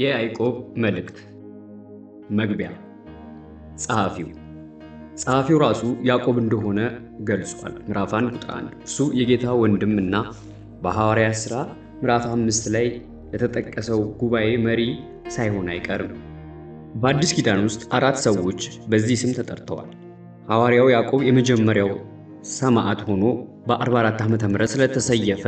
የያዕቆብ መልእክት መግቢያ ጸሐፊው ጸሐፊው ራሱ ያዕቆብ እንደሆነ ገልጿል። ምዕራፍ 1 ቁጥር 1 እሱ የጌታ ወንድም እና በሐዋርያ ሥራ ምዕራፍ 5 ላይ ለተጠቀሰው ጉባኤ መሪ ሳይሆን አይቀርም። በአዲስ ኪዳን ውስጥ አራት ሰዎች በዚህ ስም ተጠርተዋል። ሐዋርያው ያዕቆብ የመጀመሪያው ሰማዕት ሆኖ በ44 ዓመተ ምህረት ስለተሰየፈ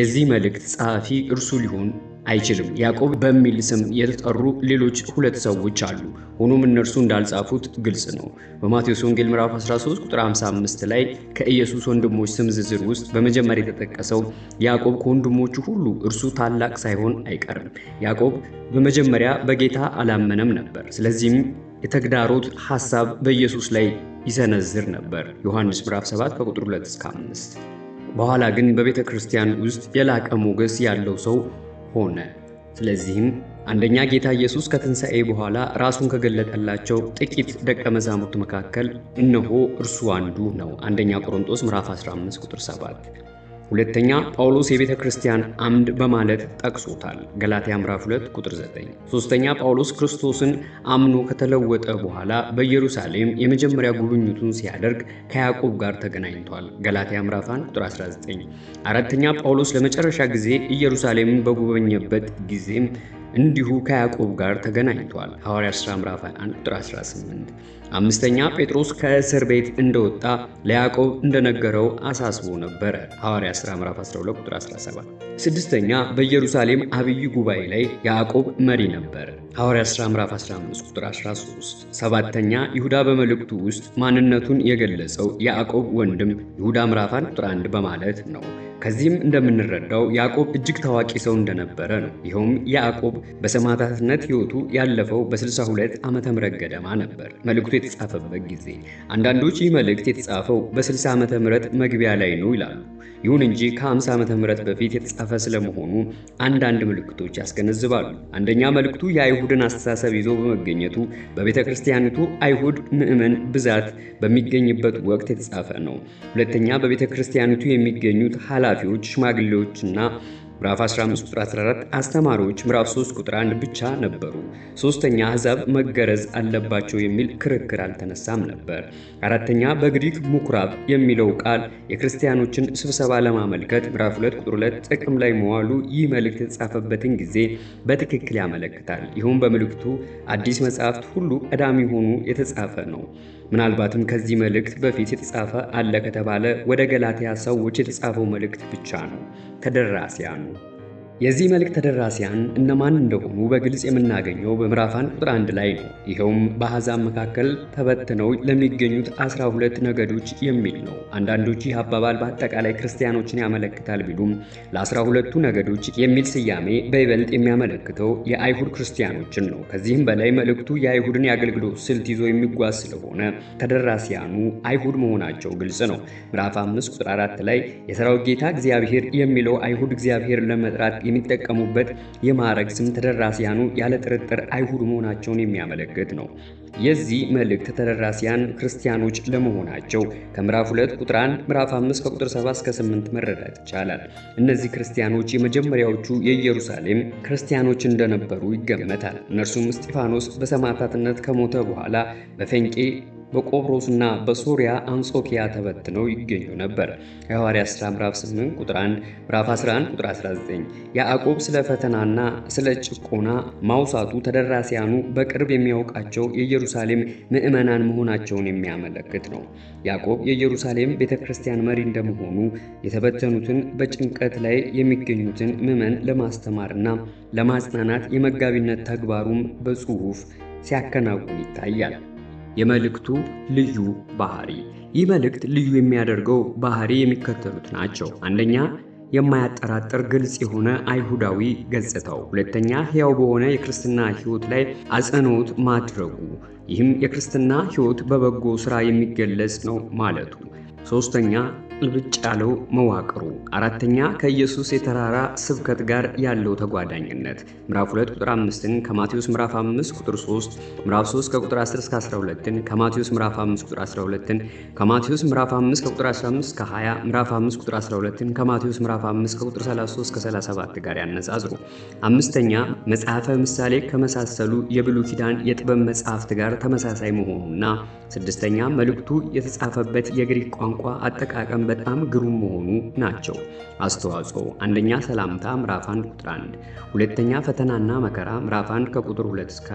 የዚህ መልእክት ጸሐፊ እርሱ ሊሆን አይችልም ያዕቆብ በሚል ስም የተጠሩ ሌሎች ሁለት ሰዎች አሉ። ሆኖም እነርሱ እንዳልጻፉት ግልጽ ነው። በማቴዎስ ወንጌል ምዕራፍ 13 ቁጥር 55 ላይ ከኢየሱስ ወንድሞች ስም ዝርዝር ውስጥ በመጀመሪያ የተጠቀሰው ያዕቆብ ከወንድሞቹ ሁሉ እርሱ ታላቅ ሳይሆን አይቀርም። ያዕቆብ በመጀመሪያ በጌታ አላመነም ነበር። ስለዚህም የተግዳሮት ሐሳብ በኢየሱስ ላይ ይሰነዝር ነበር። ዮሐንስ ምዕራፍ 7 ከቁጥር 2 እስከ 5 በኋላ ግን በቤተ ክርስቲያን ውስጥ የላቀ ሞገስ ያለው ሰው ሆነ። ስለዚህም አንደኛ ጌታ ኢየሱስ ከትንሣኤ በኋላ ራሱን ከገለጠላቸው ጥቂት ደቀ መዛሙርት መካከል እነሆ እርሱ አንዱ ነው። አንደኛ ቆሮንጦስ ምዕራፍ 15 ቁጥር 7 ሁለተኛ ጳውሎስ የቤተ ክርስቲያን አምድ በማለት ጠቅሶታል። ገላትያ ምዕራፍ 2 ቁጥር 9። ሶስተኛ ጳውሎስ ክርስቶስን አምኖ ከተለወጠ በኋላ በኢየሩሳሌም የመጀመሪያ ጉብኝቱን ሲያደርግ ከያዕቆብ ጋር ተገናኝቷል። ገላትያ ምዕራፍ 1 ቁጥር 19። አራተኛ ጳውሎስ ለመጨረሻ ጊዜ ኢየሩሳሌምን በጎበኘበት ጊዜም እንዲሁ ከያዕቆብ ጋር ተገናኝቷል። ሐዋርያ 10 ምዕራፍ 1 ቁጥር 18 አምስተኛ ጴጥሮስ ከእስር ቤት እንደወጣ ለያዕቆብ እንደነገረው አሳስቦ ነበረ። ሐዋርያ ሥራ ምዕራፍ 12 ቁጥር 17። ስድስተኛ በኢየሩሳሌም አብይ ጉባኤ ላይ ያዕቆብ መሪ ነበር። ሐዋርያ ሥራ ምዕራፍ 15 ቁጥር 13። ሰባተኛ ይሁዳ በመልእክቱ ውስጥ ማንነቱን የገለጸው ያዕቆብ ወንድም ይሁዳ ምዕራፍ 1 ቁጥር 1 በማለት ነው። ከዚህም እንደምንረዳው ያዕቆብ እጅግ ታዋቂ ሰው እንደነበረ ነው። ይኸውም ያዕቆብ በሰማዕታትነት ሕይወቱ ያለፈው በ62 ዓመተ ምህረት ገደማ ነበር። መልእክቱ የተጻፈበት ጊዜ አንዳንዶች ይህ መልእክት የተጻፈው በ60 ዓመተ ምህረት መግቢያ ላይ ነው ይላሉ። ይሁን እንጂ ከ50 ዓመተ ምህረት በፊት የተጻፈ ስለመሆኑ አንዳንድ ምልክቶች ያስገነዝባሉ። አንደኛ መልእክቱ የአይሁድን አስተሳሰብ ይዞ በመገኘቱ በቤተ ክርስቲያኒቱ አይሁድ ምዕመን ብዛት በሚገኝበት ወቅት የተጻፈ ነው። ሁለተኛ በቤተ ክርስቲያኒቱ የሚገኙት ኃላፊዎች፣ ሽማግሌዎችና ምዕራፍ 15 ቁጥር 14 አስተማሪዎች ምዕራፍ 3 ቁጥር 1 ብቻ ነበሩ። ሶስተኛ አሕዛብ መገረዝ አለባቸው የሚል ክርክር አልተነሳም ነበር። አራተኛ በግሪክ ምኩራብ የሚለው ቃል የክርስቲያኖችን ስብሰባ ለማመልከት ምዕራፍ 2 ቁጥር 2 ጥቅም ላይ መዋሉ ይህ መልእክት የተጻፈበትን ጊዜ በትክክል ያመለክታል። ይኸውም በመልእክቱ አዲስ መጽሐፍት ሁሉ ቀዳሚ ሆኑ የተጻፈ ነው። ምናልባትም ከዚህ መልእክት በፊት የተጻፈ አለ ከተባለ ወደ ገላትያ ሰዎች የተጻፈው መልእክት ብቻ ነው። ተደራሲያኑ የዚህ መልእክት ተደራሲያን እነማን እንደሆኑ በግልጽ የምናገኘው በምዕራፍ አንድ ቁጥር አንድ ላይ ነው። ይኸውም በአሕዛብ መካከል ተበትነው ለሚገኙት አስራ ሁለት ነገዶች የሚል ነው። አንዳንዶች ይህ አባባል በአጠቃላይ ክርስቲያኖችን ያመለክታል ቢሉም ለአስራ ሁለቱ ነገዶች የሚል ስያሜ በይበልጥ የሚያመለክተው የአይሁድ ክርስቲያኖችን ነው። ከዚህም በላይ መልእክቱ የአይሁድን የአገልግሎት ስልት ይዞ የሚጓዝ ስለሆነ ተደራሲያኑ አይሁድ መሆናቸው ግልጽ ነው። ምዕራፍ አምስት ቁጥር አራት ላይ የሰራዊት ጌታ እግዚአብሔር የሚለው አይሁድ እግዚአብሔር ለመጥራት የሚጠቀሙበት የማዕረግ ስም ተደራሲያኑ ያለ ጥርጥር አይሁድ መሆናቸውን የሚያመለክት ነው። የዚህ መልእክት ተደራሲያን ክርስቲያኖች ለመሆናቸው ከምዕራፍ 2 ቁጥር 1፣ ምዕራፍ 5 ከቁጥር 7 እስከ 8 መረዳት ይቻላል። እነዚህ ክርስቲያኖች የመጀመሪያዎቹ የኢየሩሳሌም ክርስቲያኖች እንደነበሩ ይገመታል። እነርሱም እስጢፋኖስ በሰማዕታትነት ከሞተ በኋላ በፈንቄ እና በሶሪያ አንጾኪያ ተበትነው ይገኙ ነበር። የሐዋርያት ሥራ ምዕራፍ 8 ቁጥር 1፣ ምዕራፍ 11 ቁጥር 19። ያዕቆብ ስለ ፈተናና ስለ ጭቆና ማውሳቱ ተደራሲያኑ በቅርብ የሚያውቃቸው የኢየሩሳሌም ምዕመናን መሆናቸውን የሚያመለክት ነው። ያዕቆብ የኢየሩሳሌም ቤተ ክርስቲያን መሪ እንደመሆኑ የተበተኑትን በጭንቀት ላይ የሚገኙትን ምዕመን ለማስተማርና ለማጽናናት የመጋቢነት ተግባሩም በጽሑፍ ሲያከናውን ይታያል። የመልእክቱ ልዩ ባህሪ። ይህ መልእክት ልዩ የሚያደርገው ባህሪ የሚከተሉት ናቸው። አንደኛ የማያጠራጥር ግልጽ የሆነ አይሁዳዊ ገጽታው፣ ሁለተኛ ሕያው በሆነ የክርስትና ሕይወት ላይ አጽንዖት ማድረጉ፣ ይህም የክርስትና ሕይወት በበጎ ሥራ የሚገለጽ ነው ማለቱ፣ ሦስተኛ ልብጭ ያለው መዋቅሩ። አራተኛ ከኢየሱስ የተራራ ስብከት ጋር ያለው ተጓዳኝነት ምዕራፍ 2 ቁጥር 5ን ከማቴዎስ ምዕራፍ 5 ቁጥር 3 ምዕራፍ 3 ከቁጥር 10 እስከ 12 ከማቴዎስ ምዕራፍ 5 ቁጥር 12ን ከማቴዎስ ምዕራፍ 5 ከቁጥር 15 ከ 20 ምዕራፍ 5 ቁጥር 12 ከማቴዎስ ምዕራፍ 5 ከቁጥር 33 እስከ 37 ጋር ያነጻጽሩ። አምስተኛ መጽሐፈ ምሳሌ ከመሳሰሉ የብሉይ ኪዳን የጥበብ መጽሐፍት ጋር ተመሳሳይ መሆኑና ስድስተኛ መልእክቱ የተጻፈበት የግሪክ ቋንቋ አጠቃቀም በጣም ግሩም መሆኑ ናቸው። አስተዋጽኦ አንደኛ ሰላምታ ምዕራፍ 1 ቁጥር 1፣ ሁለተኛ ፈተናና መከራ ምዕራፍ 1 ከቁጥር 2 እስከ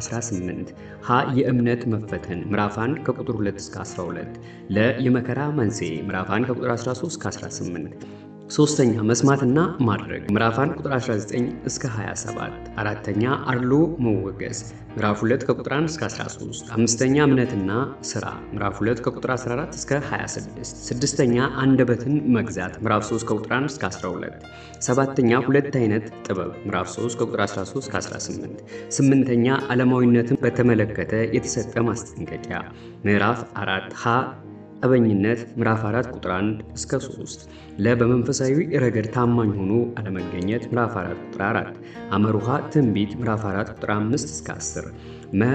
18 ሀ የእምነት መፈተን ምዕራፍ 1 ከቁጥር 2 እስከ 12 ለ የመከራ መንስኤ ምዕራፍ 1 ከቁጥር 13 እስከ 18 ሶስተኛ መስማትና ማድረግ ምዕራፍ 1 ቁጥር 19 እስከ 27። አራተኛ አድሎ መወገዝ ምዕራፍ 2 ከቁጥር 1 እስከ 13። አምስተኛ እምነትና ስራ ምዕራፍ 2 ከቁጥር 14 እስከ 26። ስድስተኛ አንደበትን መግዛት ምዕራፍ 3 ከቁጥር 1 እስከ 12። ሰባተኛ ሁለት አይነት ጥበብ ምዕራፍ 3 ከቁጥር 13 እስከ 18። ስምንተኛ ዓለማዊነትን በተመለከተ የተሰጠ ማስጠንቀቂያ ምዕራፍ 4 ሀ ጠበኝነት ምዕራፍ 4 ቁጥር 1 እስከ 3 ለ በመንፈሳዊ ረገድ ታማኝ ሆኖ አለመገኘት ምዕራፍ 4 ቁጥር 4 አመሩሃ ትንቢት ምዕራፍ 4 ቁጥር 5 እስከ 10 መ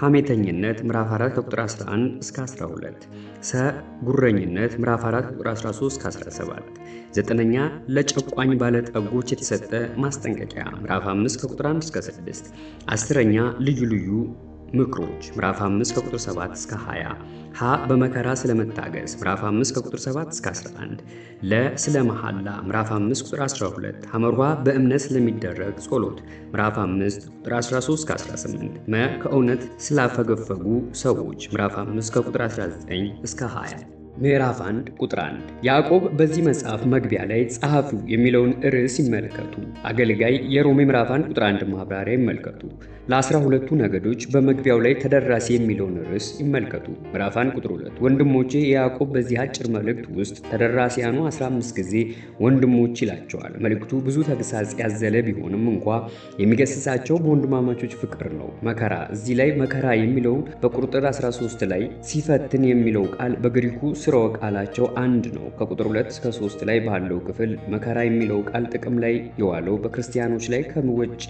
ሐሜተኝነት ምዕራፍ 4 ቁጥር 11 እስከ 12 ሰ ጉረኝነት ምዕራፍ 4 ቁጥር 13 እስከ 17 ዘጠነኛ ለጨቋኝ ባለጠጎች የተሰጠ ማስጠንቀቂያ ምዕራፍ 5 ቁጥር 1 እስከ 6 አስረኛ ልዩ ልዩ ምክሮች ምዕራፍ 5 ከቁጥር 7 እስከ 20 ሀ በመከራ ስለመታገስ ምዕራፍ 5 ከቁጥር 7 እስከ 11 ለ ስለ መሐላ ምዕራፍ 5 ቁጥር 12 ሐመርኋ በእምነት ስለሚደረግ ጸሎት ምዕራፍ 5 ቁጥር 13 እስከ 18 መ ከእውነት ስላፈገፈጉ ሰዎች ምዕራፍ 5 ከቁጥር 19 እስከ 20 ምዕራፍ 1 ቁጥር 1 ያዕቆብ በዚህ መጽሐፍ መግቢያ ላይ ጸሐፊው የሚለውን ርዕስ ይመልከቱ። አገልጋይ የሮሜ ምዕራፍ 1 ቁጥር 1 ማብራሪያ ይመልከቱ። ለአስራ ሁለቱ ነገዶች በመግቢያው ላይ ተደራሲ የሚለውን ርዕስ ይመልከቱ። ምዕራፍ አንድ ቁጥር ሁለት ወንድሞቼ የያዕቆብ በዚህ አጭር መልእክት ውስጥ ተደራሲያኑ 15 ጊዜ ወንድሞች ይላቸዋል። መልእክቱ ብዙ ተግሳጽ ያዘለ ቢሆንም እንኳ የሚገስሳቸው በወንድማማቾች ፍቅር ነው። መከራ እዚህ ላይ መከራ የሚለው በቁጥር 13 ላይ ሲፈትን የሚለው ቃል በግሪኩ ስርወ ቃላቸው አንድ ነው። ከቁጥር 2 እስከ 3 ላይ ባለው ክፍል መከራ የሚለው ቃል ጥቅም ላይ የዋለው በክርስቲያኖች ላይ ከምወጪ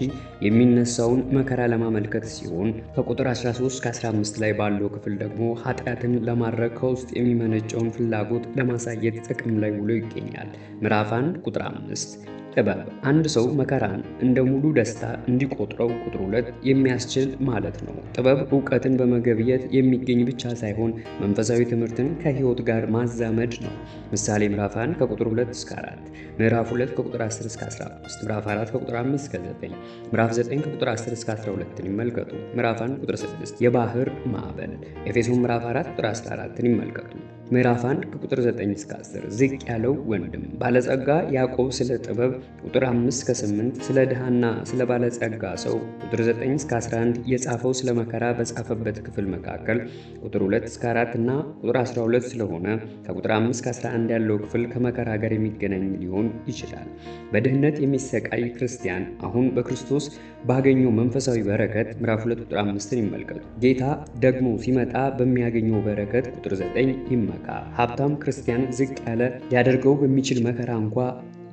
የሚነሳውን መከራ ለማመልከት ሲሆን ከቁጥር 13 እስከ 15 ላይ ባለው ክፍል ደግሞ ኃጢአትን ለማድረግ ከውስጥ የሚመነጨውን ፍላጎት ለማሳየት ጥቅም ላይ ውሎ ይገኛል። ምዕራፍ 1 ቁጥር 5 ጥበብ አንድ ሰው መከራን እንደ ሙሉ ደስታ እንዲቆጥረው ቁጥር ሁለት የሚያስችል ማለት ነው። ጥበብ እውቀትን በመገብየት የሚገኝ ብቻ ሳይሆን መንፈሳዊ ትምህርትን ከህይወት ጋር ማዛመድ ነው። ምሳሌ ምዕራፍ 1 ከቁጥር 2 እስከ 4፣ ምዕራፍ 2 ከቁጥር 10 እስከ 15፣ ምዕራፍ 4 ከቁጥር 5 እስከ 9፣ ምዕራፍ 9 ከቁጥር 10 እስከ 12 ይመልከቱ። ምዕራፍ 1 ቁጥር 6 የባህር ማዕበል፣ ኤፌሶን ምዕራፍ 4 ቁጥር 14 ይመልከቱ። ምዕራፍ 1 ከቁጥር 9 እስከ 10 ዝቅ ያለው ወንድም፣ ባለጸጋ ያዕቆብ ስለ ጥበብ ቁጥር 5 እስከ 8 ስለ ድሃና ስለ ባለጸጋ ሰው፣ ቁጥር 9 እስከ 11 የጻፈው ስለ መከራ በጻፈበት ክፍል መካከል ቁጥር 2 እስከ 4 እና ቁጥር 12 ስለሆነ ከቁጥር 5 እስከ 11 ያለው ክፍል ከመከራ ጋር የሚገናኝ ሊሆን ይችላል። በድህነት የሚሰቃይ ክርስቲያን አሁን በክርስቶስ ባገኘው መንፈሳዊ በረከት ምዕራፍ 2 ቁጥር 5ን ይመልከቱ። ጌታ ደግሞ ሲመጣ በሚያገኘው በረከት ቁጥር 9 ይመካ። ሀብታም ክርስቲያን ዝቅ ያለ ሊያደርገው በሚችል መከራ እንኳ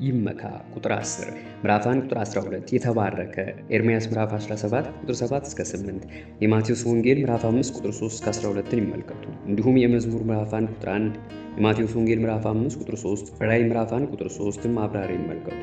ይመካ ቁጥር 10 ምዕራፍ 1 ቁጥር 12 የተባረከ ኤርሚያስ ምራፍ 17 ቁጥር 7 እስከ 8 የማቴዎስ ወንጌል ምራፍ 5 ቁጥር 3 እስከ 12ን ይመልከቱ። እንዲሁም የመዝሙር ምዕራፍ 1 ቁጥር 1 የማቴዎስ ወንጌል ምራፍ 5 ቁጥር 3 ራይ ምዕራፍ 1 ቁጥር 3ም አብራሪ ይመልከቱ።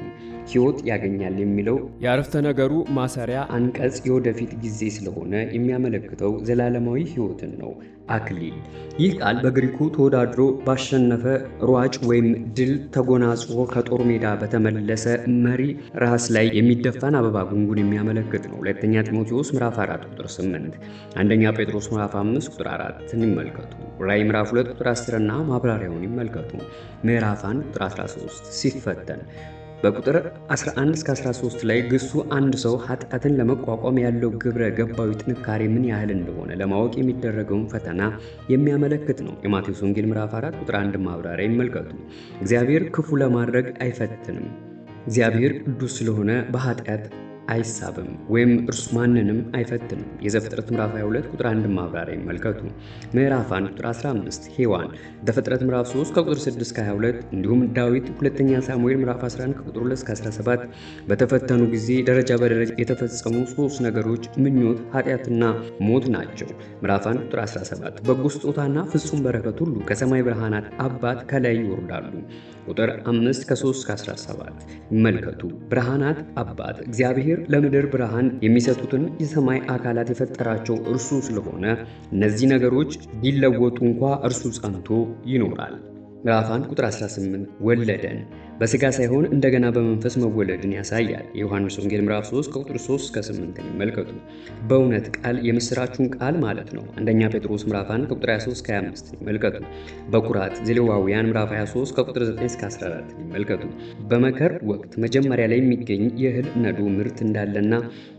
ሕይወት ያገኛል የሚለው የአረፍተ ነገሩ ማሰሪያ አንቀጽ የወደፊት ጊዜ ስለሆነ የሚያመለክተው ዘላለማዊ ሕይወትን ነው። አክሊል ይህ ቃል በግሪኩ ተወዳድሮ ባሸነፈ ሯጭ ወይም ድል ተጎናጽፎ ከጦር ሜዳ በተመለሰ መሪ ራስ ላይ የሚደፋን አበባ ጉንጉን የሚያመለክት ነው። ሁለተኛ ጢሞቴዎስ ምዕራፍ 4 ቁጥር 8፣ አንደኛ ጴጥሮስ ምዕራፍ 5 ቁጥር 4 ይመልከቱ። ራእይ ምዕራፍ 2 ቁጥር 10 እና ማብራሪያውን ይመልከቱ። ምዕራፍ 1 ቁጥር 13 ሲፈተን በቁጥር 11 እስከ 13 ላይ ግሱ አንድ ሰው ኃጢአትን ለመቋቋም ያለው ግብረ ገባዊ ጥንካሬ ምን ያህል እንደሆነ ለማወቅ የሚደረገውን ፈተና የሚያመለክት ነው። የማቴዎስ ወንጌል ምዕራፍ 4 ቁጥር 1 ማብራሪያ ይመልከቱ። እግዚአብሔር ክፉ ለማድረግ አይፈትንም። እግዚአብሔር ቅዱስ ስለሆነ በኃጢአት አይሳብም ወይም እርሱ ማንንም አይፈትንም። የዘፍጥረት ምዕራፍ 22 ቁጥር 1 ማብራሪያ ይመልከቱ። ምዕራፍ 1 ቁጥር 15 ሔዋን፣ ዘፍጥረት ምዕራፍ 3 ከቁጥር 6 እስከ 22 እንዲሁም ዳዊት ሁለተኛ ሳሙኤል ምዕራፍ 11 ከቁጥር 2 እስከ 17 በተፈተኑ ጊዜ ደረጃ በደረጃ የተፈጸሙ ሶስት ነገሮች ምኞት፣ ኃጢአትና ሞት ናቸው። ምዕራፍ 1 ቁጥር 17 በጎ ስጦታና ፍጹም በረከት ሁሉ ከሰማይ ብርሃናት አባት ከላይ ይወርዳሉ። ቁጥር 5 ከ3 እስከ 17 ይመልከቱ። ብርሃናት አባት እግዚአብሔር እግዚአብሔር ለምድር ብርሃን የሚሰጡትን የሰማይ አካላት የፈጠራቸው እርሱ ስለሆነ እነዚህ ነገሮች ቢለወጡ እንኳ እርሱ ጸንቶ ይኖራል። ምዕራፍ 1 ቁጥር 18 ወለደን በስጋ ሳይሆን እንደገና በመንፈስ መወለድን ያሳያል። የዮሐንስ ወንጌል ምዕራፍ 3 ከቁጥር 3 እስከ 8 ይመልከቱ። በእውነት ቃል የምስራቹን ቃል ማለት ነው። አንደኛ ጴጥሮስ ምዕራፍ 1 ከቁጥር 23 እስከ 25 ይመልከቱ። በኩራት ዘሌዋውያን ምዕራፍ 23 ከቁጥር 9 እስከ 14 ይመልከቱ። በመከር ወቅት መጀመሪያ ላይ የሚገኝ የእህል ነዶ ምርት እንዳለና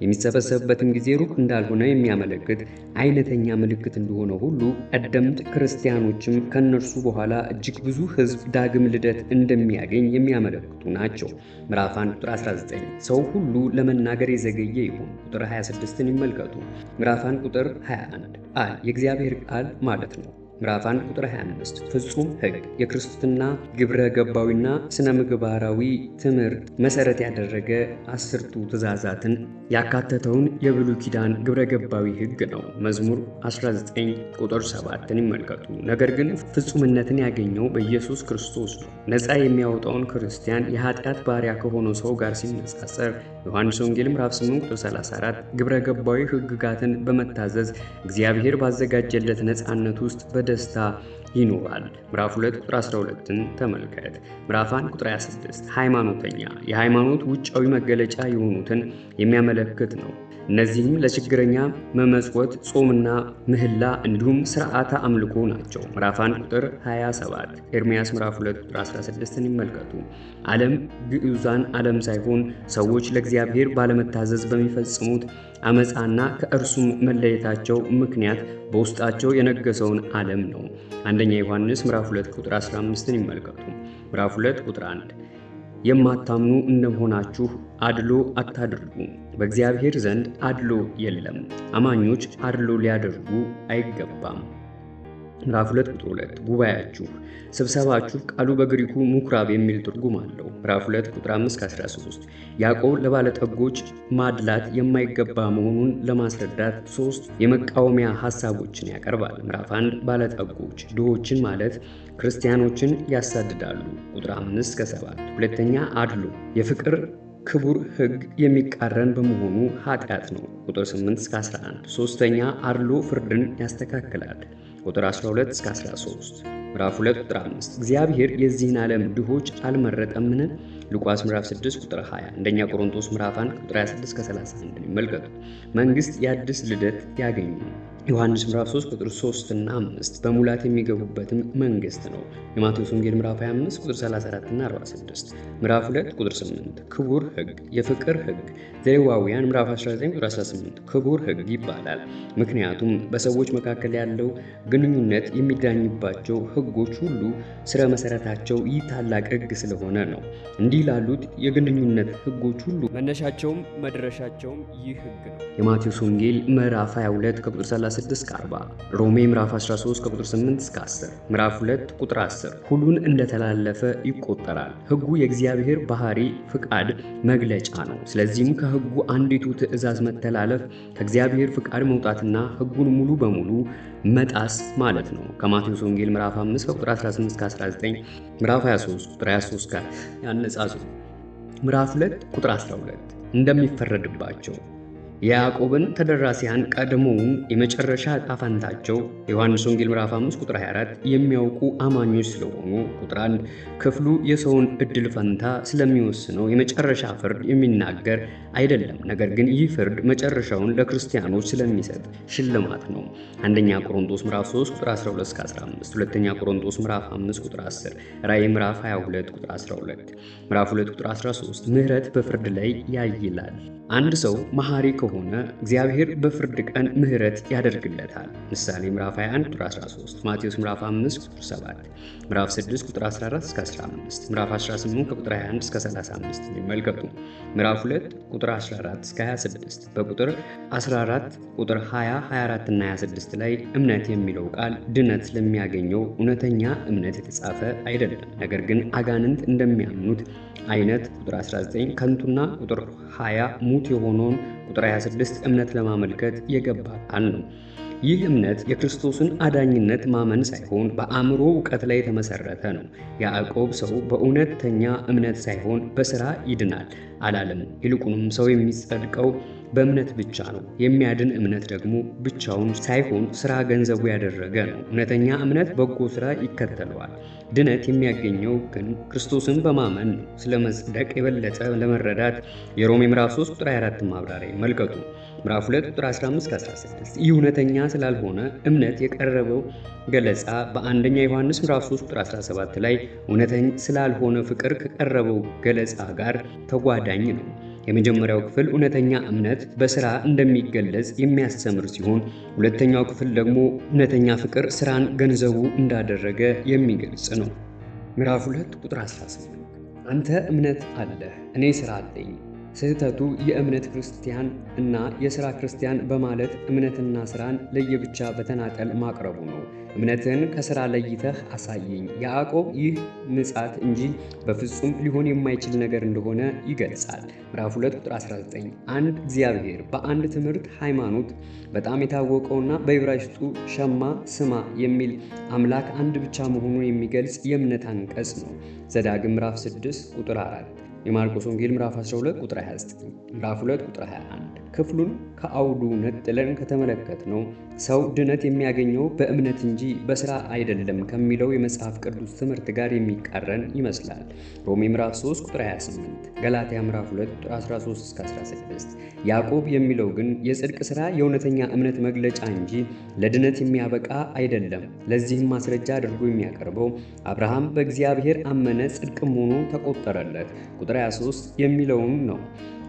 የሚሰበሰብበትም ጊዜ ሩቅ እንዳልሆነ የሚያመለክት አይነተኛ ምልክት እንደሆነ ሁሉ ቀደምት ክርስቲያኖችም ከእነርሱ በኋላ እጅግ ብዙ ሕዝብ ዳግም ልደት እንደሚያገኝ የሚ የሚያመለክቱ ናቸው። ምዕራፍ 1 ቁጥር 19 ሰው ሁሉ ለመናገር የዘገየ ይሁን። ቁጥር 26ን ይመልከቱ። ምዕራፍ 1 ቁጥር 21 አ የእግዚአብሔር ቃል ማለት ነው። ምዕራፍ 1 ቁጥር 25 ፍጹም ሕግ የክርስትና ግብረ ገባዊና ስነ ምግባራዊ ትምህርት መሰረት ያደረገ አስርቱ ትእዛዛትን ያካተተውን የብሉይ ኪዳን ግብረ ገባዊ ሕግ ነው። መዝሙር 19 ቁጥር 7ን ይመልከቱ። ነገር ግን ፍጹምነትን ያገኘው በኢየሱስ ክርስቶስ ነው፣ ነፃ የሚያወጣውን ክርስቲያን የኃጢአት ባሪያ ከሆነው ሰው ጋር ሲነጻጸር። ዮሐንስ ወንጌል ምዕራፍ 8 ቁጥር 34 ግብረ ገባዊ ሕግጋትን በመታዘዝ እግዚአብሔር ባዘጋጀለት ነፃነት ውስጥ በደስታ ይኖራል። ምዕራፍ 2 ቁጥር 12ን ተመልከት። ምዕራፍ 1 ቁጥር 26 ሃይማኖተኛ የሃይማኖት ውጫዊ መገለጫ የሆኑትን የሚያመለክት ነው። እነዚህም ለችግረኛ መመጽወት፣ ጾምና ምህላ እንዲሁም ስርዓተ አምልኮ ናቸው። ምዕራፍ 1 ቁጥር 27 ኤርምያስ ምዕራፍ 2 ቁጥር 16ን ይመልከቱ። ዓለም ግዑዛን ዓለም ሳይሆን ሰዎች ለእግዚአብሔር ባለመታዘዝ በሚፈጽሙት አመፃና ከእርሱም መለየታቸው ምክንያት በውስጣቸው የነገሰውን ዓለም ነው። አንደኛ ዮሐንስ ምዕራፍ 2 ቁጥር 15ን ይመልከቱ። ምዕራፍ 2 ቁጥር 1 የማታምኑ እንደመሆናችሁ አድሎ አታድርጉ። በእግዚአብሔር ዘንድ አድሎ የለም። አማኞች አድሎ ሊያደርጉ አይገባም። ምዕራፍ 2 ቁጥር 2 ጉባኤያችሁ፣ ስብሰባችሁ ቃሉ በግሪኩ ምኩራብ የሚል ትርጉም አለው። ምዕራፍ 2 ቁጥር 5 13 ያዕቆብ ለባለጠጎች ማድላት የማይገባ መሆኑን ለማስረዳት ሶስት የመቃወሚያ ሀሳቦችን ያቀርባል። ምዕራፍ 1 ባለጠጎች ድሆችን ማለት ክርስቲያኖችን ያሳድዳሉ። ቁጥር 5 እስከ 7 ሁለተኛ አድሎ የፍቅር ክቡር ሕግ የሚቃረን በመሆኑ ኃጢአት ነው። ቁጥር 8 እስከ 11 ሶስተኛ አድሎ ፍርድን ያስተካክላል። ቁጥር 12 እስከ 13 ምዕራፍ 2 ቁጥር 5 እግዚአብሔር የዚህን ዓለም ድሆች አልመረጠምን? ሉቃስ ምዕራፍ 6 ቁጥር 20 አንደኛ ቆሮንቶስ ምዕራፍ 1 ቁጥር 26 እስከ 31 ይመልከቱ። መንግስት የአዲስ ልደት ያገኙ ዮሐንስ ምዕራፍ 3 ቁጥር 3 እና 5 በሙላት የሚገቡበትም መንግስት ነው። የማቴዎስ ወንጌል ምዕራፍ 25 ቁጥር 34 እና 46፣ ምዕራፍ 2 ቁጥር 8 ክቡር ህግ፣ የፍቅር ህግ ዘሌዋውያን ምዕራፍ 19 ቁጥር 18 ክቡር ህግ ይባላል። ምክንያቱም በሰዎች መካከል ያለው ግንኙነት የሚዳኝባቸው ህጎች ሁሉ ስረ መሰረታቸው ይህ ታላቅ ሕግ ስለሆነ ነው። እንዲህ ላሉት የግንኙነት ህጎች ሁሉ መነሻቸውም መድረሻቸውም ይህ ሕግ ነው። የማቴዎስ ወንጌል ምዕራፍ 22 ቁጥር 16 40 ሮሜ ምዕራፍ 13 ከቁጥር 8 እስከ 10 ምዕራፍ 2 ቁጥር 10 ሁሉን እንደተላለፈ ይቆጠራል። ሕጉ የእግዚአብሔር ባህሪ፣ ፍቃድ መግለጫ ነው። ስለዚህም ከሕጉ አንዲቱ ትእዛዝ መተላለፍ ከእግዚአብሔር ፍቃድ መውጣትና ሕጉን ሙሉ በሙሉ መጣስ ማለት ነው። ከማቴዎስ ወንጌል ምዕራፍ 5 ቁጥር 18 እስከ 19 ምዕራፍ 23 ቁጥር 23 ጋር ያነጻጽሩ። ምዕራፍ 2 ቁጥር 12 እንደሚፈረድባቸው የያዕቆብን ተደራሲያን ቀድሞውም የመጨረሻ ዕጣ ፈንታቸው ዮሐንስ ወንጌል ምዕራፍ 5 ቁጥር 24 የሚያውቁ አማኞች ስለሆኑ፣ ቁጥር 1 ክፍሉ የሰውን ዕድል ፈንታ ስለሚወስነው የመጨረሻ ፍርድ የሚናገር አይደለም። ነገር ግን ይህ ፍርድ መጨረሻውን ለክርስቲያኖች ስለሚሰጥ ሽልማት ነው። አንደኛ ቆሮንቶስ ምዕራፍ 3 ቁጥር 12 እስከ 15፣ ሁለተኛ ቆሮንቶስ ምዕራፍ 5 ቁጥር 10፣ ራእይ ምዕራፍ 22 ቁጥር 12፣ ምዕራፍ 2 ቁጥር 13 ምህረት በፍርድ ላይ ያይላል። አንድ ሰው መሐሪ ከ ከሆነ እግዚአብሔር በፍርድ ቀን ምህረት ያደርግለታል። ምሳሌ ምዕራፍ 21 ቁጥር 13፣ ማቴዎስ ምዕራፍ 5 ቁጥር 7፣ ምዕራፍ 6 ቁጥር 14 እስከ 15፣ ምዕራፍ 18 ቁጥር 21 እስከ 35 ይመልከቱ። ምዕራፍ 2 ቁጥር 14 እስከ 26፣ በቁጥር 14 ቁጥር 20፣ 24 እና 26 ላይ እምነት የሚለው ቃል ድነት ስለሚያገኘው እውነተኛ እምነት የተጻፈ አይደለም። ነገር ግን አጋንንት እንደሚያምኑት አይነት ቁጥር 19 ከንቱና ቁጥር 20 ሙት የሆነውን ቁጥር 26 እምነት ለማመልከት የገባ ቃል ነው። ይህ እምነት የክርስቶስን አዳኝነት ማመን ሳይሆን በአእምሮ እውቀት ላይ የተመሰረተ ነው። ያዕቆብ ሰው በእውነተኛ እምነት ሳይሆን በሥራ ይድናል አላለም። ይልቁንም ሰው የሚጸድቀው በእምነት ብቻ ነው። የሚያድን እምነት ደግሞ ብቻውን ሳይሆን ስራ ገንዘቡ ያደረገ ነው። እውነተኛ እምነት በጎ ስራ ይከተለዋል። ድነት የሚያገኘው ግን ክርስቶስን በማመን ነው። ስለ መጽደቅ የበለጠ ለመረዳት የሮሜ ምዕራፍ 3 ቁጥር 24 ማብራሪያ ይመልከቱ። ምዕራፍ 2 ቁጥር 15 16 ይህ እውነተኛ ስላልሆነ እምነት የቀረበው ገለጻ በአንደኛ ዮሐንስ ምዕራፍ 3 ቁጥር 17 ላይ እውነተኛ ስላልሆነ ፍቅር ከቀረበው ገለጻ ጋር ተጓዳኝ ነው። የመጀመሪያው ክፍል እውነተኛ እምነት በስራ እንደሚገለጽ የሚያስተምር ሲሆን ሁለተኛው ክፍል ደግሞ እውነተኛ ፍቅር ስራን ገንዘቡ እንዳደረገ የሚገልጽ ነው። ምዕራፍ 2 ቁጥር 18 አንተ እምነት አለህ፣ እኔ ስራ አለኝ። ስህተቱ የእምነት ክርስቲያን እና የስራ ክርስቲያን በማለት እምነትና ስራን ለየብቻ በተናጠል ማቅረቡ ነው። እምነትን ከሥራ ለይተህ አሳየኝ። ያዕቆብ ይህ ምጻት እንጂ በፍጹም ሊሆን የማይችል ነገር እንደሆነ ይገልጻል። ምዕራፍ 2 ቁጥር 19 አንድ እግዚአብሔር በአንድ ትምህርት ሃይማኖት በጣም የታወቀውና በዕብራይስጡ ሸማ ስማ የሚል አምላክ አንድ ብቻ መሆኑን የሚገልጽ የእምነት አንቀጽ ነው። ዘዳግም ምዕራፍ 6 ቁጥር 4 የማርቆስ ወንጌል ምዕራፍ 12 ቁጥር 29 ምዕራፍ 2 ቁጥር 21 ክፍሉን ከአውዱ ነጥለን ከተመለከት ነው ሰው ድነት የሚያገኘው በእምነት እንጂ በስራ አይደለም ከሚለው የመጽሐፍ ቅዱስ ትምህርት ጋር የሚቃረን ይመስላል። ሮሜ ምዕራፍ 3 ቁጥር 28፣ ገላትያ ምዕራፍ 2 ቁጥር 13-16። ያዕቆብ የሚለው ግን የጽድቅ ስራ የእውነተኛ እምነት መግለጫ እንጂ ለድነት የሚያበቃ አይደለም። ለዚህም ማስረጃ አድርጎ የሚያቀርበው አብርሃም በእግዚአብሔር አመነ፣ ጽድቅም ሆኖ ተቆጠረለት ቁጥር 23 የሚለውም ነው።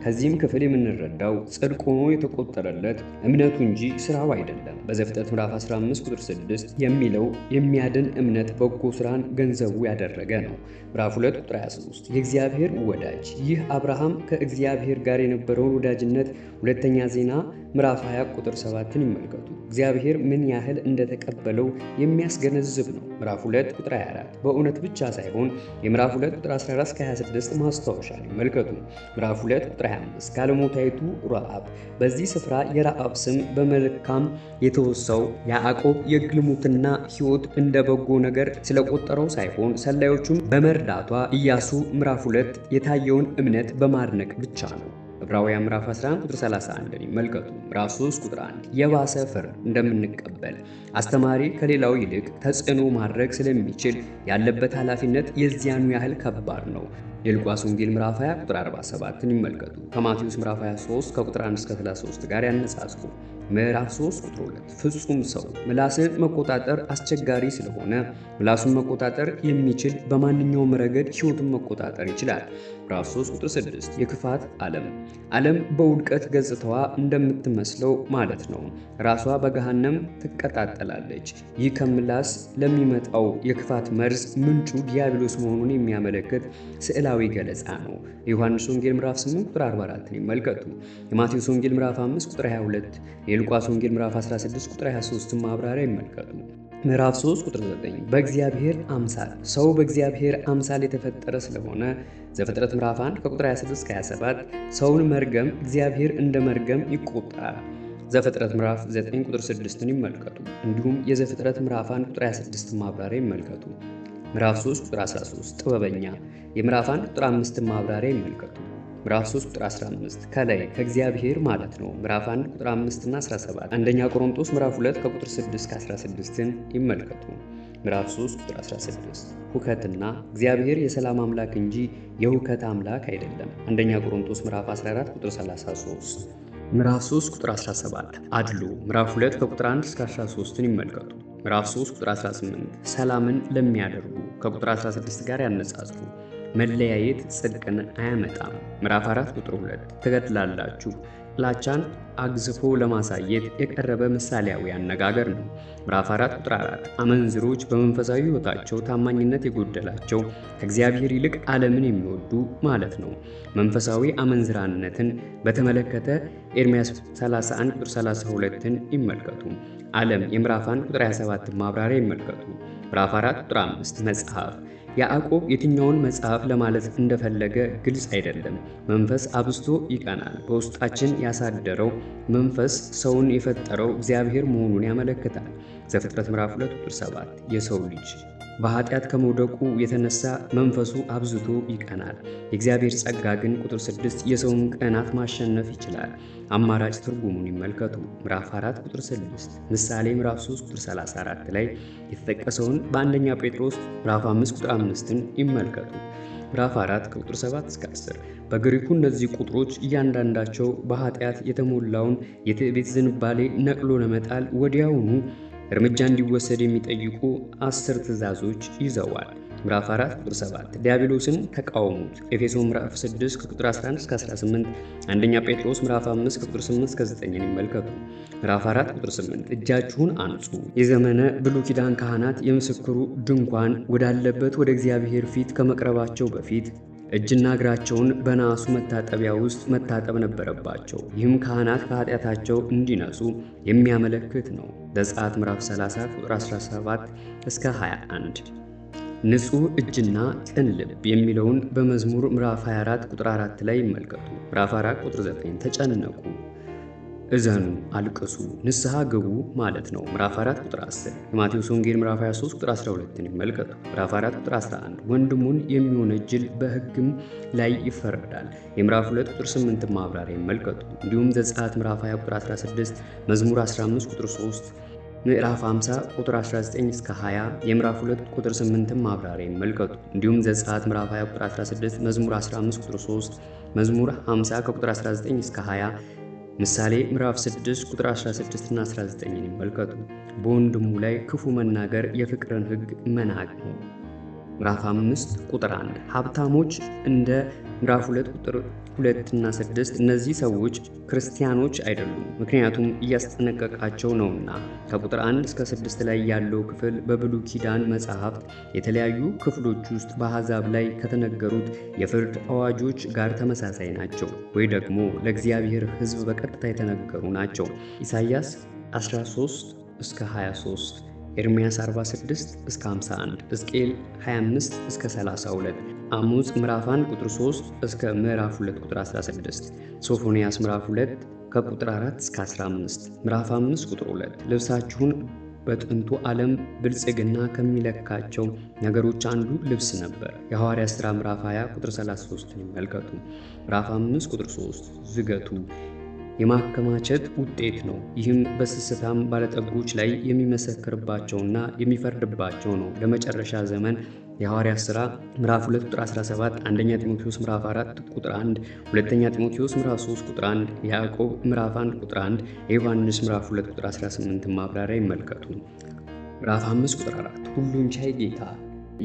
ከዚህም ክፍል የምንረዳው ጽድቅ ሆኖ የተቆጠረለት እምነቱ እንጂ ስራው አይደለም። በዘፍጥረት ምዕራፍ 15 ቁጥር 6 የሚለው የሚያድን እምነት በጎ ስራን ገንዘቡ ያደረገ ነው። ምዕራፍ 2 ቁጥር 23 የእግዚአብሔር ወዳጅ። ይህ አብርሃም ከእግዚአብሔር ጋር የነበረውን ወዳጅነት ሁለተኛ ዜና ምዕራፍ 20 ቁጥር 7ን ይመልከቱ። እግዚአብሔር ምን ያህል እንደተቀበለው የሚያስገነዝብ ነው። ምዕራፍ 2 ቁጥር 24 በእውነት ብቻ ሳይሆን የምዕራፍ 2 ቁጥር 14 26 ማስታወሻ ይመልከቱ። ምዕራፍ 2 ቁጥር ቁጥር 25 ከአለሞታይቱ ረአብ። በዚህ ስፍራ የረአብ ስም በመልካም የተወሳው ያዕቆብ የግልሙትና ሕይወት እንደ በጎ ነገር ስለቆጠረው ሳይሆን ሰላዮቹን በመርዳቷ ኢያሱ ምዕራፍ 2 የታየውን እምነት በማድነቅ ብቻ ነው። ዕብራውያን ምዕራፍ 11 ቁጥር 31 ይመልከቱ። ምዕራፍ 3 ቁጥር 1 የባሰ ፍርድ እንደምንቀበል አስተማሪ ከሌላው ይልቅ ተጽዕኖ ማድረግ ስለሚችል ያለበት ኃላፊነት የዚያኑ ያህል ከባድ ነው። የሉቃስ ወንጌል ምዕራፍ 20 ቁጥር 47ን ይመልከቱ። ከማቴዎስ ምዕራፍ 23 ከቁጥር 1 እስከ 33 ጋር ያነጻጽሩ። ምዕራፍ 3 ቁጥር 2 ፍጹም ሰው ምላስን መቆጣጠር አስቸጋሪ ስለሆነ ምላሱን መቆጣጠር የሚችል በማንኛውም ረገድ ሕይወቱን መቆጣጠር ይችላል። ምዕራፍ 3 ቁጥር 6 የክፋት ዓለም ዓለም በውድቀት ገጽታዋ እንደምትመስለው ማለት ነው። ራሷ በገሃነም ትቀጣጠላለች። ይህ ከምላስ ለሚመጣው የክፋት መርዝ ምንጩ ዲያብሎስ መሆኑን የሚያመለክት ስዕላዊ ወቅታዊ ገለጻ ነው። የዮሐንስ ወንጌል ምዕራፍ 8 ቁጥር 44ን ይመልከቱ። የማቴዎስ ወንጌል ምዕራፍ 5 ቁጥር 22፣ የሉቃስ ወንጌል ምዕራፍ 16 ቁጥር 23 ማብራሪያ ይመልከቱ። ምዕራፍ 3 ቁጥር 9 በእግዚአብሔር አምሳል ሰው በእግዚአብሔር አምሳል የተፈጠረ ስለሆነ ዘፍጥረት ምዕራፍ 1 ከቁጥር 26 እስከ 27 ሰውን መርገም እግዚአብሔር እንደ መርገም ይቆጠራል። ዘፍጥረት ምዕራፍ 9 ቁጥር 6ን ይመልከቱ። እንዲሁም የዘፍጥረት ምዕራፍ 1 ቁጥር 26 ማብራሪያ ይመልከቱ። ምዕራፍ 3 ቁጥር 13 ጥበበኛ የምዕራፍ 1 ቁጥር 5 ማብራሪያ ይመልከቱ። ምዕራፍ 3 ቁጥር 15 ከላይ ከእግዚአብሔር ማለት ነው። ምዕራፍ 1 ቁጥር 5 እና 17 አንደኛ ቆሮንቶስ ምዕራፍ 2 ከቁጥር 6 እስከ 16ን ይመልከቱ። ምዕራፍ 3 ቁጥር 16 ሁከትና እግዚአብሔር የሰላም አምላክ እንጂ የሁከት አምላክ አይደለም። አንደኛ ቆሮንቶስ ምዕራፍ 14 ቁጥር 33 ምዕራፍ 3 ቁጥር 17 አድሉ ምዕራፍ 2 ከቁጥር 1 እስከ 13ን ይመልከቱ። ምዕራፍ 3 ቁጥር 18 ሰላምን ለሚያደርጉ ከቁጥር 16 ጋር ያነጻጽሩ። መለያየት ጽድቅን አያመጣም። ምዕራፍ 4 ቁጥር 2 ትገድላላችሁ ጥላቻን አግዝፎ ለማሳየት የቀረበ ምሳሌያዊ አነጋገር ነው። ምዕራፍ 4 ቁጥር 4 አመንዝሮች በመንፈሳዊ ሕይወታቸው ታማኝነት የጎደላቸው ከእግዚአብሔር ይልቅ ዓለምን የሚወዱ ማለት ነው። መንፈሳዊ አመንዝራነትን በተመለከተ ኤርምያስ 31 ቁጥር 32ን ይመልከቱ። ዓለም የምዕራፋን ቁጥር 27 ማብራሪያ ይመልከቱ። ምዕራፍ 4 ቁጥር 5 መጽሐፍ ያዕቆብ የትኛውን መጽሐፍ ለማለት እንደፈለገ ግልጽ አይደለም። መንፈስ አብዝቶ ይቀናል። በውስጣችን ያሳደረው መንፈስ ሰውን የፈጠረው እግዚአብሔር መሆኑን ያመለክታል። ዘፍጥረት ምዕራፍ 2 ቁጥር 7 የሰው ልጅ በኃጢአት ከመውደቁ የተነሳ መንፈሱ አብዝቶ ይቀናል። የእግዚአብሔር ጸጋ ግን ቁጥር ስድስት የሰውን ቅናት ማሸነፍ ይችላል። አማራጭ ትርጉሙን ይመልከቱ። ምዕራፍ 4 ቁጥር 6 ምሳሌ ምዕራፍ 3 ቁጥር 34 ላይ የተጠቀሰውን በአንደኛ ጴጥሮስ ምዕራፍ 5 ቁጥር 5ን ይመልከቱ። ምዕራፍ 4 ቁጥር 7 እስከ 10 በግሪኩ እነዚህ ቁጥሮች እያንዳንዳቸው በኃጢአት የተሞላውን የትዕቢት ዝንባሌ ነቅሎ ለመጣል ወዲያውኑ እርምጃ እንዲወሰድ የሚጠይቁ አስር ትእዛዞች ይዘዋል። ምዕራፍ 4 ቁጥር 7 ዲያብሎስን ተቃወሙት። ኤፌሶ ምዕራፍ 6 ቁጥር 11 እስከ 18፣ አንደኛ ጴጥሮስ ምዕራፍ 5 ቁጥር 8 እስከ 9 ይመልከቱ። ምዕራፍ 4 ቁጥር 8 እጃችሁን አንጹ። የዘመነ ብሉይ ኪዳን ካህናት የምስክሩ ድንኳን ወዳለበት ወደ እግዚአብሔር ፊት ከመቅረባቸው በፊት እጅና እግራቸውን በናሱ መታጠቢያ ውስጥ መታጠብ ነበረባቸው። ይህም ካህናት ከኃጢአታቸው እንዲነሱ የሚያመለክት ነው። ዘጸአት ምዕራፍ 30 ቁጥር 17 እስከ 21 ንጹሕ እጅና ቅን ልብ የሚለውን በመዝሙር ምዕራፍ 24 ቁጥር 4 ላይ ይመልከቱ። ምዕራፍ 4 ቁጥር 9 ተጨነቁ፣ እዘኑ፣ አልቅሱ፣ ንስሐ ግቡ ማለት ነው። ምዕራፍ 4 ቁጥር 10 የማቴዎስ ወንጌል ምዕራፍ 23 ቁጥር 12 ይመልከቱ። ምዕራፍ 4 ቁጥር 11 ወንድሙን የሚወነጅል በሕግም ላይ ይፈረዳል። የምዕራፍ 2 ቁጥር 8 ማብራሪያ ይመልከቱ። እንዲሁም ዘጸአት ምዕራፍ 20 ቁጥር 16፣ መዝሙር 15 ቁጥር 3 ምዕራፍ 50 ቁጥር 19 እስከ 20 የምዕራፍ 2 ቁጥር 8 ማብራሪያ ይመልከቱ። እንዲሁም ዘጸአት ምዕራፍ 20 ቁጥር 16፣ መዝሙር 15 ቁጥር 3፣ መዝሙር 50 ከቁጥር 19 እስከ 20፣ ምሳሌ ምዕራፍ 6 ቁጥር 16 እና 19 ይመልከቱ። በወንድሙ ላይ ክፉ መናገር የፍቅርን ሕግ መናቅ ነው። ምዕራፍ 5 ቁጥር 1 ሀብታሞች እንደ ምዕራፍ 2 ቁጥር ሁለት እና ስድስት እነዚህ ሰዎች ክርስቲያኖች አይደሉም፣ ምክንያቱም እያስጠነቀቃቸው ነውና። ከቁጥር አንድ እስከ ስድስት ላይ ያለው ክፍል በብሉ ኪዳን መጽሐፍት የተለያዩ ክፍሎች ውስጥ በአሕዛብ ላይ ከተነገሩት የፍርድ አዋጆች ጋር ተመሳሳይ ናቸው ወይ ደግሞ ለእግዚአብሔር ሕዝብ በቀጥታ የተነገሩ ናቸው። ኢሳይያስ 13 እስከ 23 ኤርምያስ 46 እስከ 51፣ ሕዝቅኤል 25 እስከ 32፣ አሞጽ ምዕራፍ 1 ቁጥር 3 እስከ ምዕራፍ 2 ቁጥር 16፣ ሶፎንያስ ምዕራፍ 2 ከቁጥር 4 እስከ 15፣ ምዕራፍ 5 ቁጥር 2። ልብሳችሁን በጥንቱ ዓለም ብልጽግና ከሚለካቸው ነገሮች አንዱ ልብስ ነበር። የሐዋርያት ሥራ ምዕራፍ 20 ቁጥር 33 ይመልከቱ። ምዕራፍ 5 ቁጥር 3 ዝገቱ የማከማቸት ውጤት ነው። ይህም በስስታም ባለጠጎች ላይ የሚመሰክርባቸውና የሚፈርድባቸው ነው። ለመጨረሻ ዘመን የሐዋርያት ሥራ ምዕራፍ 2 ቁጥር 17፣ አንደኛ ጢሞቴዎስ ምዕራፍ 4 ቁጥር 1፣ ሁለተኛ ጢሞቴዎስ ምዕራፍ 3 ቁጥር 1፣ ያዕቆብ ምዕራፍ 1 ቁጥር 1፣ የዮሐንስ ምዕራፍ 2 ቁጥር 18 ማብራሪያ ይመልከቱ። ምዕራፍ 5 ቁጥር 4 ሁሉን ቻይ ጌታ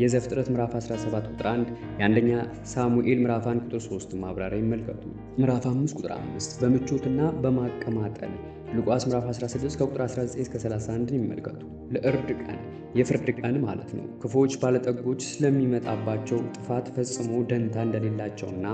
የዘፍጥረት ምዕራፍ 17 ቁጥር 1፣ የአንደኛ ሳሙኤል ምዕራፍ 1 ቁጥር 3 ማብራሪያ ይመልከቱ። ምዕራፍ 5 ቁጥር 5 በምቾትና በማቀማጠል ሉቃስ ምዕራፍ 16 ከቁጥር 19 እስከ 31 ይመልከቱ። ለእርድ ቀን የፍርድ ቀን ማለት ነው። ክፉዎች ባለጠጎች ስለሚመጣባቸው ጥፋት ፈጽሞ ደንታ እንደሌላቸውና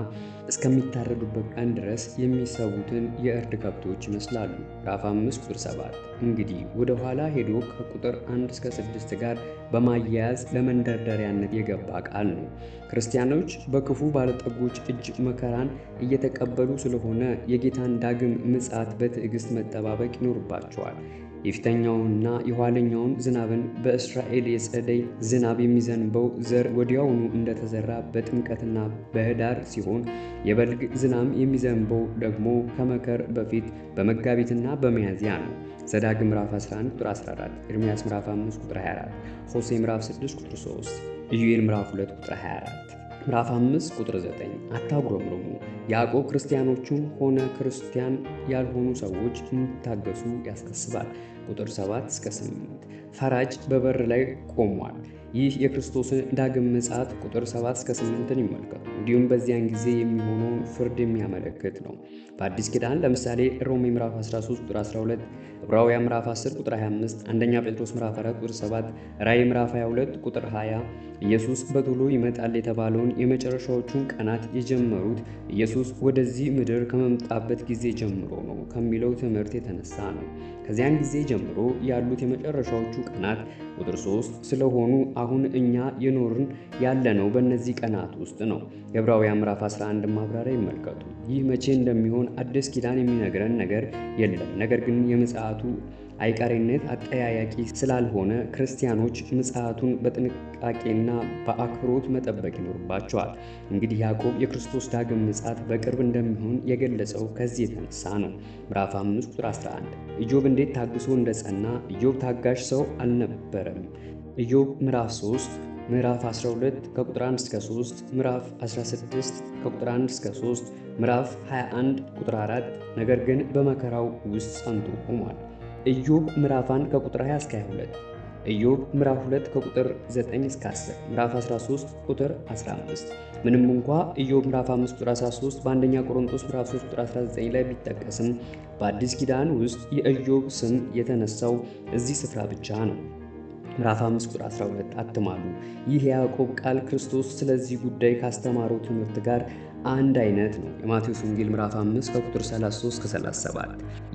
እስከሚታረዱበት ቀን ድረስ የሚሰዉትን የእርድ ከብቶች ይመስላሉ። ምዕራፍ 5 ቁጥር 7 እንግዲህ ወደ ኋላ ሄዶ ከቁጥር 1 እስከ 6 ጋር በማያያዝ ለመንደርደሪያነት የገባ ቃል ነው። ክርስቲያኖች በክፉ ባለጠጎች እጅ መከራን እየተቀበሉ ስለሆነ የጌታን ዳግም ምጽአት በትዕግስት መጠባበቅ ይኖርባቸዋል። የፊተኛውንና የኋለኛውን ዝናብን በእስራኤል የጸደይ ዝናብ የሚዘንበው ዘር ወዲያውኑ እንደተዘራ በጥምቀትና በኅዳር ሲሆን የበልግ ዝናብ የሚዘንበው ደግሞ ከመከር በፊት በመጋቢትና በሚያዝያ ነው። ዘዳግም ምዕራፍ 11 ቁጥር 14፣ ኤርምያስ ምራፍ 5 ቁጥር 24፣ ሆሴ ምዕራፍ 6 ቁጥር 3፣ ኢዩኤል ምራፍ 2 ቁጥር 24 ምራፍ 5 ቁጥር 9 አታጉረምርሙ፣ ያዕቆብ ክርስቲያኖቹም ሆነ ክርስቲያን ያልሆኑ ሰዎች እንዲታገሱ ያሳስባል። ቁጥር 7 እስከ 8 ፈራጅ በበር ላይ ቆሟል። ይህ የክርስቶስን ዳግም ምጽአት ቁጥር 7 እስከ 8ን ይመልከቱ። እንዲሁም በዚያን ጊዜ የሚሆነውን ፍርድ የሚያመለክት ነው። በአዲስ ኪዳን ለምሳሌ ሮሜ ምዕራፍ 13 ቁጥር 12፣ ዕብራውያን ምዕራፍ 10 ቁጥር 25፣ አንደኛ ጴጥሮስ ምዕራፍ 4 ቁጥር 7፣ ራእይ ምዕራፍ 22 ቁጥር 20 ኢየሱስ በቶሎ ይመጣል የተባለውን የመጨረሻዎቹን ቀናት የጀመሩት ኢየሱስ ወደዚህ ምድር ከመምጣበት ጊዜ ጀምሮ ነው ከሚለው ትምህርት የተነሳ ነው። ከዚያን ጊዜ ጀምሮ ያሉት የመጨረሻዎቹ ቀናት ቁጥር ሶስት ስለሆኑ አሁን እኛ የኖርን ያለነው በእነዚህ ቀናት ውስጥ ነው። የዕብራውያን ምዕራፍ 11 ማብራሪያ ይመልከቱ። ይህ መቼ እንደሚሆን አዲስ ኪዳን የሚነግረን ነገር የለም። ነገር ግን የምጽአቱ አይቀሬነት አጠያያቂ ስላልሆነ ክርስቲያኖች ምጽአቱን በጥንቃቄና በአክብሮት መጠበቅ ይኖርባቸዋል። እንግዲህ ያዕቆብ የክርስቶስ ዳግም ምጽአት በቅርብ እንደሚሆን የገለጸው ከዚህ የተነሳ ነው። ምዕራፍ 5 ቁጥር 11 ኢዮብ እንዴት ታግሶ እንደጸና ኢዮብ ታጋሽ ሰው አልነበረም። ኢዮብ ምዕራፍ 3 ምዕራፍ 12 ከቁጥር 1 እስከ 3 ምዕራፍ 16 ከቁጥር 1 እስከ 3 ምዕራፍ 21 ቁጥር 4 ነገር ግን በመከራው ውስጥ ጸንቶ ቆሟል። ኢዮብ ምዕራፍ 1 ከቁጥር 20 እስከ 22፣ ኢዮብ ምዕራፍ 2 ከቁጥር 9 እስከ 10፣ ምዕራፍ 13 ቁጥር 15። ምንም እንኳ ኢዮብ ምዕራፍ 5 ቁጥር 13 በአንደኛ ቆሮንቶስ ምዕራፍ 3 ቁጥር 19 ላይ ቢጠቀስም በአዲስ ኪዳን ውስጥ የኢዮብ ስም የተነሳው እዚህ ስፍራ ብቻ ነው። ምዕራፍ 5 ቁጥር 12 አትማሉ፣ ይህ የያዕቆብ ቃል ክርስቶስ ስለዚህ ጉዳይ ካስተማረው ትምህርት ጋር አንድ አይነት ነው። የማቴዎስ ወንጌል ምዕራፍ 5 ከቁጥር 33 እስከ 37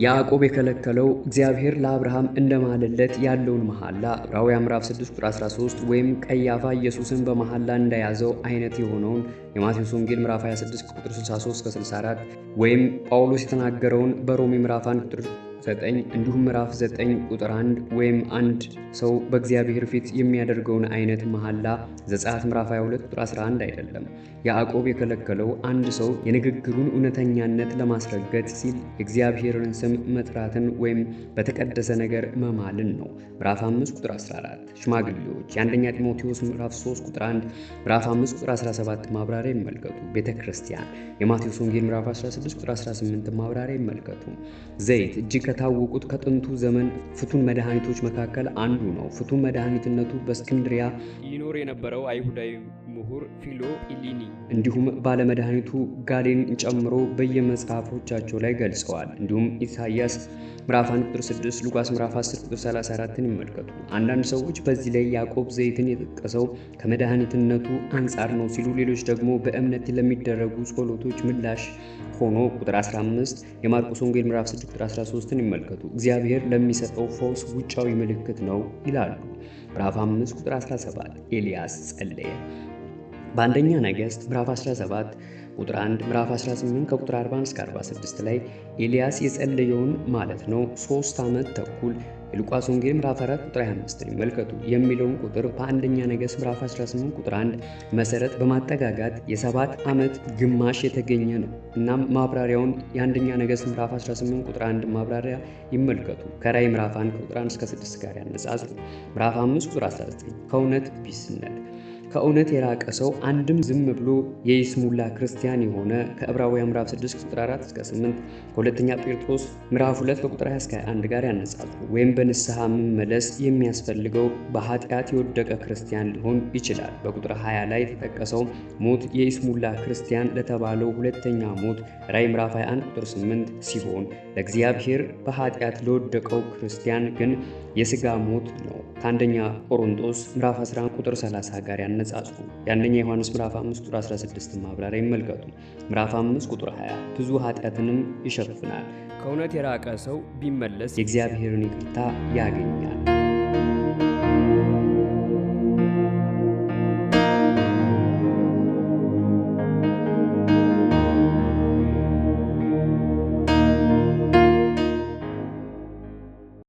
ያዕቆብ የከለከለው እግዚአብሔር ለአብርሃም እንደማለለት ያለውን መሐላ ዕብራውያን ምዕራፍ 6 ቁጥር 13 ወይም ቀያፋ ኢየሱስን በመሐላ እንደያዘው አይነት የሆነውን የማቴዎስ ወንጌል ምዕራፍ 26 ቁጥር 63 እስከ 64 ወይም ጳውሎስ የተናገረውን በሮሜ ምዕራፍ 1 ቁጥር 9 እንዲሁም ምዕራፍ 9 ቁጥር 1 ወይም አንድ ሰው በእግዚአብሔር ፊት የሚያደርገውን አይነት መሐላ ዘጸአት ምዕራፍ 22 ቁጥር 11 አይደለም። ያዕቆብ የከለከለው አንድ ሰው የንግግሩን እውነተኛነት ለማስረገጥ ሲል የእግዚአብሔርን ስም መጥራትን ወይም በተቀደሰ ነገር መማልን ነው። ምዕራፍ 5 ቁጥር 14 ሽማግሌዎች የአንደኛ ጢሞቴዎስ ምዕራፍ 3 ቁጥር 1 ምዕራፍ 5 ቁጥር 17 ማብራሪያ ይመልከቱ። ቤተ ክርስቲያን የማቴዎስ ወንጌል ምዕራፍ 16 ቁጥር 18 ማብራሪያ ይመልከቱ። ዘይት እጅግ ከታወቁት ከጥንቱ ዘመን ፍቱን መድኃኒቶች መካከል አንዱ ነው። ፍቱን መድኃኒትነቱ በእስክንድሪያ ይኖር የነበረው አይሁዳዊ ምሁር ፊሎ ኢሊኒ እንዲሁም ባለመድኃኒቱ ጋሌን ጨምሮ በየመጽሐፎቻቸው ላይ ገልጸዋል። እንዲሁም ኢሳያስ ምዕራፍ 1 ቁጥር 6፣ ሉቃስ ምዕራፍ 10 ቁጥር 34ን ይመልከቱ። አንዳንድ ሰዎች በዚህ ላይ ያዕቆብ ዘይትን የጠቀሰው ከመድኃኒትነቱ አንጻር ነው ሲሉ፣ ሌሎች ደግሞ በእምነት ለሚደረጉ ጸሎቶች ምላሽ ሆኖ ቁጥር 15 የማርቆስ ወንጌል ምዕራፍ 6 ቁጥር 13ን ይመልከቱ። እግዚአብሔር ለሚሰጠው ፈውስ ውጫዊ ምልክት ነው ይላሉ። ምዕራፍ 5 ቁጥር 17 ኤልያስ ጸለየ በአንደኛ ነገሥት ምዕራፍ 17 ቁጥር 1 ምዕራፍ 18 ከቁጥር 40 እስከ 46 ላይ ኤልያስ የጸለየውን ማለት ነው ሶስት ዓመት ተኩል የሉቃስ ወንጌል ምዕራፍ 4 ቁጥር 25 ይመልከቱ የሚለውን ቁጥር በአንደኛ ነገሥት ምዕራፍ 18 ቁጥር 1 መሰረት በማጠጋጋት የሰባት ዓመት ግማሽ የተገኘ ነው። እናም ማብራሪያውን የአንደኛ ነገሥት ምዕራፍ 18 ቁጥር 1 ማብራሪያ ይመልከቱ። ከራይ ምዕራፍ 1 ቁጥር 1 እስከ 6 ጋር ያነጻጽሩ። ምዕራፍ 5 ቁጥር 19 ከእውነት ቢስነት ከእውነት የራቀ ሰው አንድም ዝም ብሎ የይስሙላ ክርስቲያን የሆነ ከዕብራውያን ምዕራፍ 6 ቁጥር 4 እስከ 8 ከሁለተኛ ጴጥሮስ ምዕራፍ 2 ከቁጥር 20 እስከ 21 ጋር ያነጻሉ። ወይም በንስሐ መመለስ የሚያስፈልገው በኃጢአት የወደቀ ክርስቲያን ሊሆን ይችላል። በቁጥር 20 ላይ የተጠቀሰው ሞት የይስሙላ ክርስቲያን ለተባለው ሁለተኛ ሞት ራይ ምዕራፍ 21 ቁጥር 8 ሲሆን ለእግዚአብሔር በኃጢአት ለወደቀው ክርስቲያን ግን የሥጋ ሞት ነው። ከአንደኛ ቆሮንጦስ ምዕራፍ 11 ቁጥር 30 ጋር ያነ አነጻጽሩ። የአንደኛ ዮሐንስ ምዕራፍ 5 ቁጥር 16 ማብራሪያ ይመልከቱ። ምዕራፍ 5 ቁጥር 20 ብዙ ኃጢአትንም ይሸፍናል። ከእውነት የራቀ ሰው ቢመለስ የእግዚአብሔርን ይቅርታ ያገኛል።